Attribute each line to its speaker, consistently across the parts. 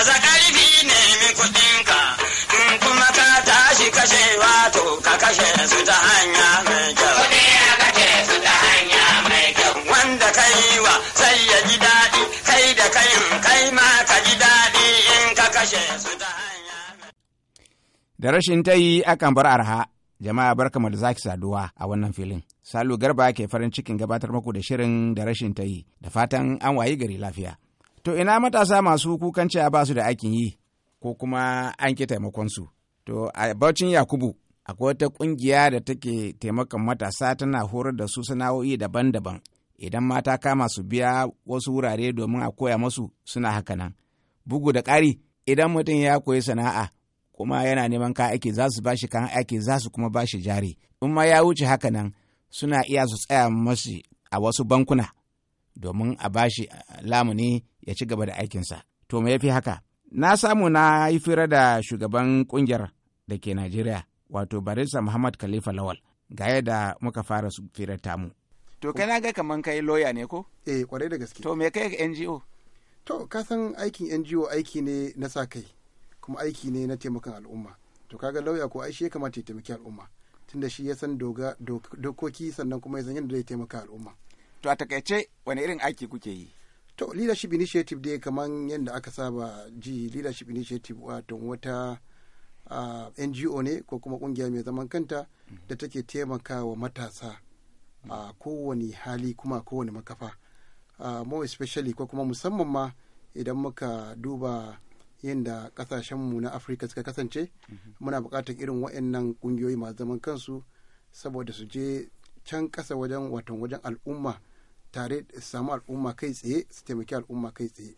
Speaker 1: Baza ƙarfi ne min kuɗinka, in kuma ka tashi kashe wato ka kashe su ta hanya mai kyau. Kuɗi ya kashe su ta hanya mai kyau. Wanda ka yi wa sai ya ji daɗi, kai da kayin kai ma ka ji daɗi in ka kashe su ta hanya mai Da rashin ta yi akan bar arha, jama'a barkamu da zaki saduwa a wannan filin. Salu Garba ke farin cikin gabatar muku da shirin da rashin ta yi, da fatan an wayi gari lafiya. to ina matasa masu kukan cewa ba su da aikin yi ko kuma an taimakon su? to a baucin yakubu akwai wata kungiya da take taimakon matasa tana horar da su sana'o'i daban-daban idan mata kama su biya wasu wurare domin a koya masu suna haka nan bugu da ƙari idan mutum ya koyi sana'a kuma yana neman ka aiki za su bashi kan aiki za su kuma bashi jari in ma ya wuce haka nan suna iya su tsaya masu a wasu bankuna domin a bashi lamuni ya ci gaba da aikinsa to me ya fi haka na samu na yi fira da shugaban kungiyar da ke najeriya wato barisa muhammad khalifa lawal ga yadda muka fara su firar tamu to kai na ga kaman
Speaker 2: kai loya ne ko eh kwarai da gaske to me kai ga ngo to ka san aikin ngo aiki ne na sa kai kuma aiki ne na taimakon al'umma to kaga lauya ko ai shi ya kamata ya taimaki al'umma tunda shi ya san dokoki sannan kuma ya san yadda zai taimaka al'umma
Speaker 1: to a takaice wani irin aiki kuke yi
Speaker 2: to leadership initiative dai kamar yadda aka saba ji leadership initiative wato wata uh, ngo ne ko kuma kungiya mai zaman kanta mm -hmm. da take taimakawa matasa a uh, kowane hali kuma kowane makafa uh, more especially ko kuma musamman ma idan muka duba yadda kasashenmu na afirka suka kasance mm -hmm. muna buƙatar irin waɗannan ƙungiyoyi masu zaman kansu saboda su je can kasa wajen watan wajen al'umma tare su samu al'umma kai tsaye su taimaki al'umma kai tsaye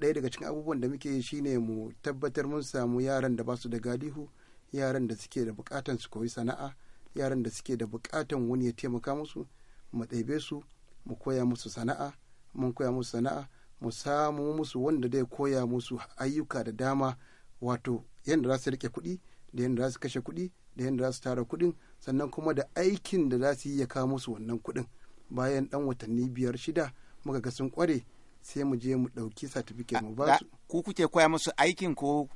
Speaker 2: ɗaya daga cikin abubuwan da muke yi shine mu tabbatar mun samu yaran da basu da galihu yaran da suke da bukatan su koyi sana'a yaran da suke da bukatan wani ya taimaka musu mu ɗebe su mu koya musu sana'a mun koya musu sana'a mu samu musu wanda zai koya musu ayyuka da dama wato yadda za su rike kuɗi da yadda za su kashe kuɗi da yadda za su tara kuɗin sannan kuma da aikin da za su yi ya kawo musu wannan kuɗin bayan dan watanni biyar shida muka ga sun kware sai mu je mu ɗauki certificate mu ba su ku kuke koya musu aikin ko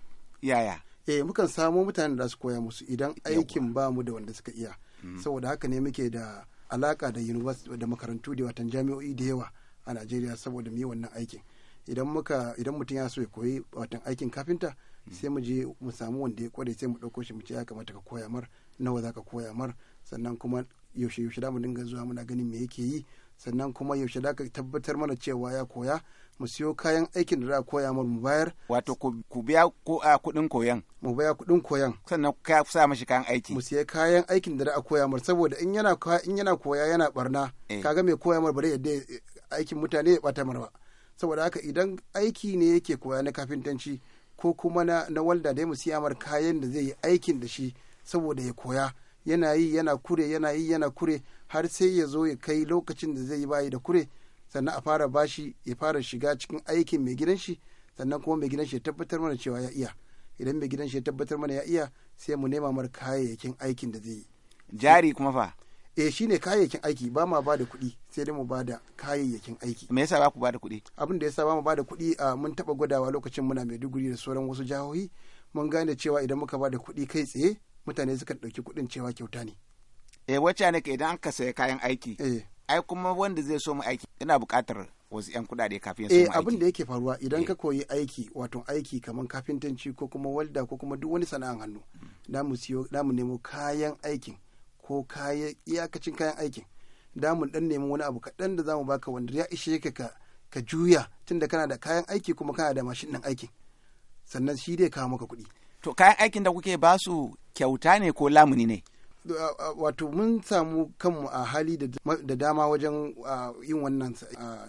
Speaker 2: yaya eh mukan samo mutane da su koya musu idan aikin ba mu da wanda suka iya mm. saboda haka ne muke da alaka da university da makarantu da watan jami'o'i da yawa a Najeriya saboda mu yi wannan aikin idan muka idan mutum ya so ya koyi watan aikin kafinta mm. sai mu je mu samu wanda ya kware sai mu ɗauko shi mu ce ya kamata ka koya mar nawa za ka koya mar sannan kuma yaushe yaushe da mu dinga zuwa muna ganin me yake yi sannan kuma yaushe da ka tabbatar mana cewa ya koya mu siyo kayan aikin da za a koya mu mu bayar wato ku biya kuɗin koyan mu biya kuɗin koyan sannan ka sa mashi kayan aiki mu siya kayan aikin da za a koya mu saboda in yana in yana koya yana barna eh. kaga mai koya mu bare yadda eh, aikin mutane ya bata mana ba saboda haka idan aiki ne yake koya na kafintanci ko kuma na, na walda dai mu siya mar kayan da zai yi aikin da shi saboda ya koya yana yi yana kure yana yi yana kure har sai ya zo ya kai lokacin da zai yi bayi da kure sannan a fara bashi ya fara shiga cikin aikin mai gidan shi sannan kuma mai gidan shi ya tabbatar mana cewa ya iya idan mai gidan shi ya tabbatar mana ya iya sai mu nema mar kayayyakin aikin da zai yi jari kuma fa eh shine kayayyakin aiki ba ma bada kuɗi sai dai mu bada kayayyakin aiki me yasa ba ku bada kuɗi abin da yasa ba mu bada kuɗi a mun taba gwadawa lokacin muna Maiduguri da sauran wasu jahohi mun gane cewa idan muka bada kuɗi kai tsaye mutane suka ɗauki kuɗin cewa kyauta ne E wacce ne ka idan ka saya kayan aiki E. ai kuma wanda zai so
Speaker 1: mu aiki yana buƙatar wasu 'yan kuɗaɗe kafin ya so eh, aiki. abin
Speaker 2: da yake faruwa idan ka koyi aiki wato aiki kamar kafintanci ko kuma walda ko kuma duk wani sana'an hannu da mu siyo da mu nemo kayan aikin ko kayan iyakacin kayan aikin da mu dan nemi wani abu kaɗan da zamu baka wanda ya ishe ka ka ka juya tunda kana da kayan aiki kuma kana da mashin ɗin aikin sannan shi dai kawo maka kuɗi. to
Speaker 1: kayan aikin da kuke basu kyauta ne ko lamuni ne
Speaker 2: uh, uh, wato mun samu kanmu a hali da dama wajen uh, yin wannan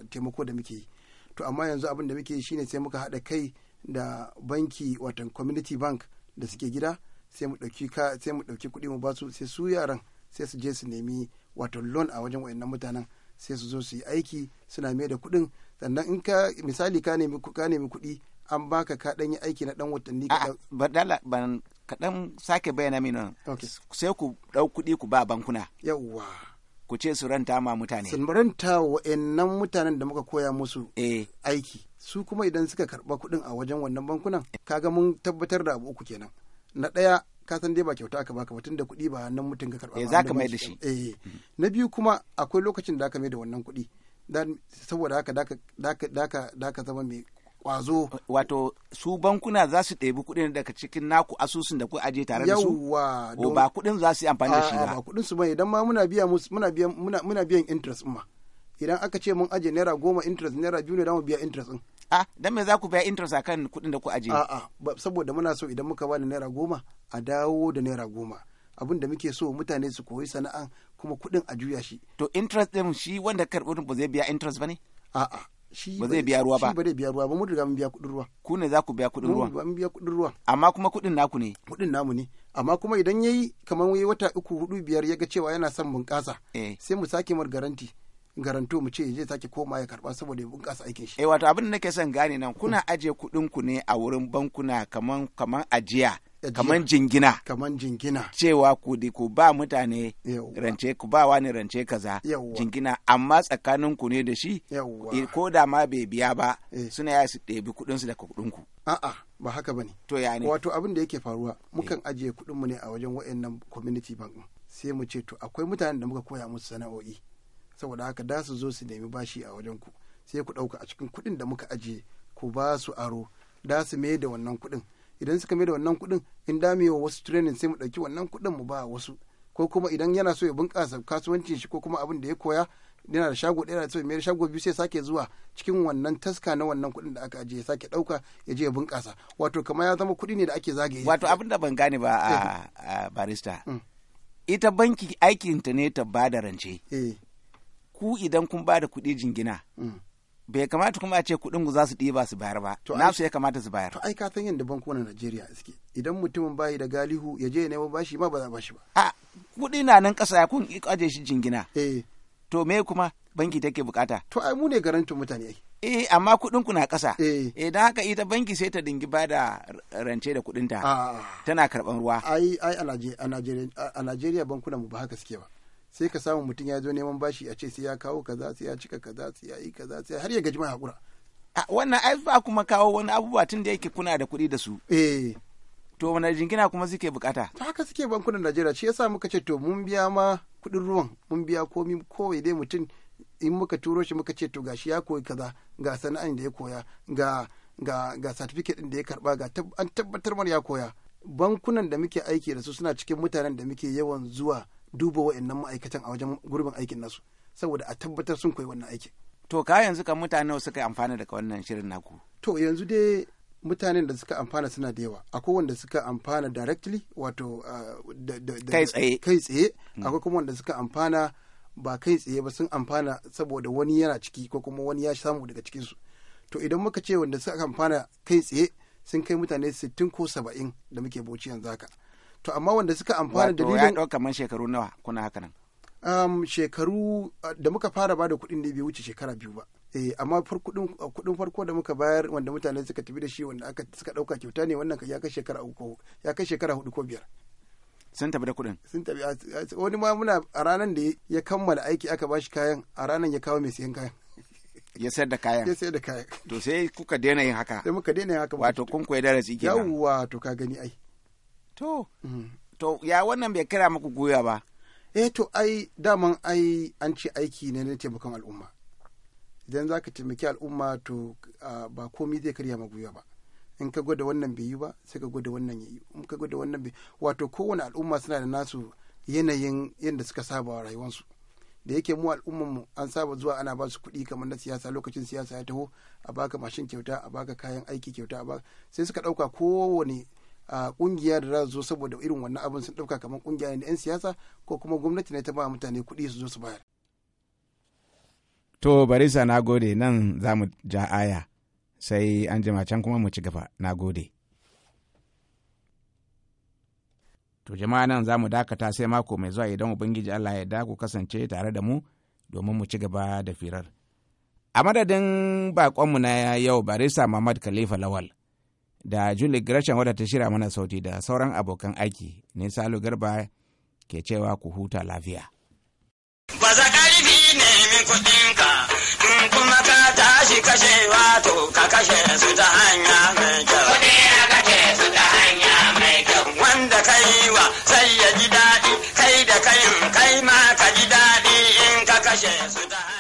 Speaker 2: taimako da muke yi to amma yanzu abin da muke yi shine sai muka haɗa kai da banki watan community bank da suke gida sai mu ɗauki ka sai mu ɗauki kuɗi mu basu sai su yaran sai su je su nemi wato loan a wajen wayannan mutanen sai su zo su yi aiki suna mai da kuɗin sannan in ka misali ka nemi kuɗi an baka ka ɗan yi aiki na ɗan watanni.
Speaker 1: dala ban kaɗan sake bayyana Okay. sai
Speaker 2: ku ɗau kuɗi ku ba bankuna yawwa ku ce su ranta ma mutane Sun ranta wa'annan mutanen da muka koya musu eh. aiki su kuma idan suka karɓa kuɗin a wajen wannan bankunan kaga mun tabbatar da abu uku kenan na ɗaya ka san dai ba kyauta aka baka ba tunda kuɗi ba nan mutum ka karɓa eh, za ka mai da shi eh. hmm. na biyu kuma akwai lokacin da aka mai da wannan kuɗi saboda haka da ka zama mai kwazo wato
Speaker 1: su bankuna za su ɗebi kuɗin daga cikin naku asusun da ku aje tare da su
Speaker 2: yawwa ba kuɗin za su yi amfani da shi ba ba kuɗin su ba idan ma muna biya muna biyan muna biyan interest ma idan aka ce mun aje naira goma interest naira biyu ne da mu biya interest din a ah, dan me za ku biya interest akan kuɗin da ku aje a'a saboda muna so idan muka bani naira goma a dawo da naira goma abin da muke so mutane su koyi sana'a kuma kuɗin a juya shi to interest din shi wanda karɓi ba zai biya interest ba ne a'a ba zai biya ruwa ba ba zai biya ruwa ba mu riga mun biya kuɗin ruwa ku ne za ku biya kuɗin ruwa mun biya kuɗin ruwa amma kuma kuɗin naku ne kuɗin namu ne amma kuma idan yayi kamar yayi wata uku hudu biyar ya ga cewa yana son bunƙasa eh. sai mu sake mar garanti garanto mu ce zai sake koma ya karba saboda ya bunƙasa aikin
Speaker 1: shi. Eh wato abin da nake son gane nan kuna ajiye kuɗin ku ne a wurin bankuna kaman kaman ajiya Eh, kaman jingina kaman jingina cewa ku di ku ba mutane rance ku ba wani rance kaza jingina amma tsakanin ku ne da shi eh, ko da ma bai biya ba eh. suna ya su ɗebi daga kuɗin ku
Speaker 2: a'a ba haka bane to ya ne wato abin da yake faruwa mukan ajiye kuɗin mu ne a wajen wayannan community bank sai mu ce to akwai mutanen da muka koya musu sana'o'i saboda haka da su zo su nemi bashi a wajen ku sai ku ɗauka a cikin kuɗin da muka ajiye ku ba su aro da su mai da wannan kuɗin idan suka mai da wannan kuɗin in dami wa wasu training sai mu ɗauki wannan kuɗin mu ba wasu ko kuma idan yana so ya bunƙasa kasuwancin shi ko kuma abin da ya koya yana da shago ɗaya da so mai shago biyu sai sake zuwa cikin wannan taska na wannan kuɗin da aka ajiye sake ɗauka ya je ya bunƙasa wato kamar ya zama kuɗi ne da ake zagaye wato
Speaker 1: abin da ban gane ba a barista mm. ita banki aikinta ne ta ba da rance eh. ku idan kun ba da kuɗi
Speaker 2: jingina mm. bai kamata kuma a ce kuɗin za su ɗiba su bayar ba nasu ya kamata su bayar to ai ka san yadda na Najeriya suke idan mutumin bayi da galihu ya je ya nemo bashi ma ba za bashi ba a kuɗi na nan ƙasa kun aje shi jingina eh to me kuma banki take bukata
Speaker 1: to ai mu ne garantin mutane ai eh amma kuɗin ku na ƙasa eh, eh dan haka ita banki sai ta dingi ba da rance da kuɗin ta ah. tana karɓan ruwa
Speaker 2: ai ai a Najeriya a Najeriya bankunan mu ba haka suke ba sai ka samu mutum ya zo neman bashi a ce sai ya kawo kaza sai ya cika kaza sai ya yi kaza sai har ya gaji mai hakura
Speaker 1: wannan ai ba kuma kawo wani abubuwa tun da yake kuna da kuɗi da su eh to wani jingina kuma suke bukata
Speaker 2: haka suke bankunan Najeriya shi yasa muka ce to mun biya ma kuɗin ruwan mun biya komi kowai dai mutum in muka turo shi muka ce to gashi ya koyi kaza ga sana'an da ya koya ga ga ga certificate din da ya karba ga an tabbatar mana ya koya bankunan da muke aiki da su suna cikin mutanen da muke yawan zuwa duba wa'annan ma'aikatan a wajen gurbin aikin nasu saboda a tabbatar sun koyi wannan aikin
Speaker 1: to ka yanzu kan mutane suka amfana daga wannan shirin naku
Speaker 2: to yanzu dai mutanen da suka amfana suna da yawa akwai wanda suka amfana directly wato ah, kai tsaye kai tsaye hmm. akwai kuma wanda suka amfana ba kai tsaye ba sun amfana saboda wani yana ciki ko kuma wani ya samu daga cikinsu to idan muka ce wanda suka amfana kai tsaye sun kai mutane sittin ko saba'in da muke bauchi yanzu haka to amma wanda suka amfana dalilin ya
Speaker 1: ɗauka man shekaru nawa kuna haka nan
Speaker 2: um, shekaru uh, da muka fara ba da kuɗin ne bai wuce shekara biyu ba eh amma uh, kuɗin farko da muka bayar wanda mutane suka tafi da shi wanda aka suka ɗauka kyauta ne wannan ya kai shekara uku ya kai shekara hudu ko biyar
Speaker 1: sun tafi da kuɗin
Speaker 2: sun tafi wani ma muna a ranar da ya kammala aiki aka bashi kayan a ranar ya kawo mai sayan kayan
Speaker 1: ya sayar da kayan ya sayar da kayan to sai kuka daina yin haka sai muka
Speaker 2: daina yin haka wato
Speaker 1: kun koyi darasi kenan
Speaker 2: yawwa to ka gani ai To, mm. to ya wannan bai kira muku goya ba. Eh to ai daman ai an ce aiki ne na taimakon al'umma. Idan za ka taimaki al'umma to ba komi zai karya maguya ba. In ka gwada wannan bai yi ba sai ka gwada wannan ya yi. In ka gwada wannan bai wato kowane al'umma suna da nasu yanayin yadda suka saba wa rayuwarsu. da yake mu mu an saba zuwa ana ba su kuɗi kamar na siyasa lokacin siyasa ya taho a baka mashin kyauta a baka kayan aiki kyauta a baka sai suka ɗauka kowane kungiya da za zo saboda irin wannan abin sun ɗauka kamar kungiya ne da 'yan siyasa ko kuma gwamnati ne ta ba mutane kuɗi su zo su bayar.
Speaker 1: To barisa na gode nan za mu ja aya sai an jima can kuma mu ci gaba na gode. To jama'a nan za mu dakata sai mako mai zuwa idan Ubangiji Allah ya da ku kasance tare da mu domin mu ci gaba da firar. A madadin baƙonmu na yau barisa Muhammad kalifa Lawal. da Julie Gresham wadda ta shirya mana sauti da sauran abokan aiki ne Salo Garba ke cewa ku huta lafiya. Baza ƙarfi nemin kuɗinka, in kuma ka tashi kashe wato ka kashe su ta hanya mai kyau. Kuɗi ya kashe su ta hanya mai kyau. Wanda ka yi wa sai ya ji daɗi,
Speaker 2: kai da kai kai ma ka ji daɗi in ka kashe su ta hanya.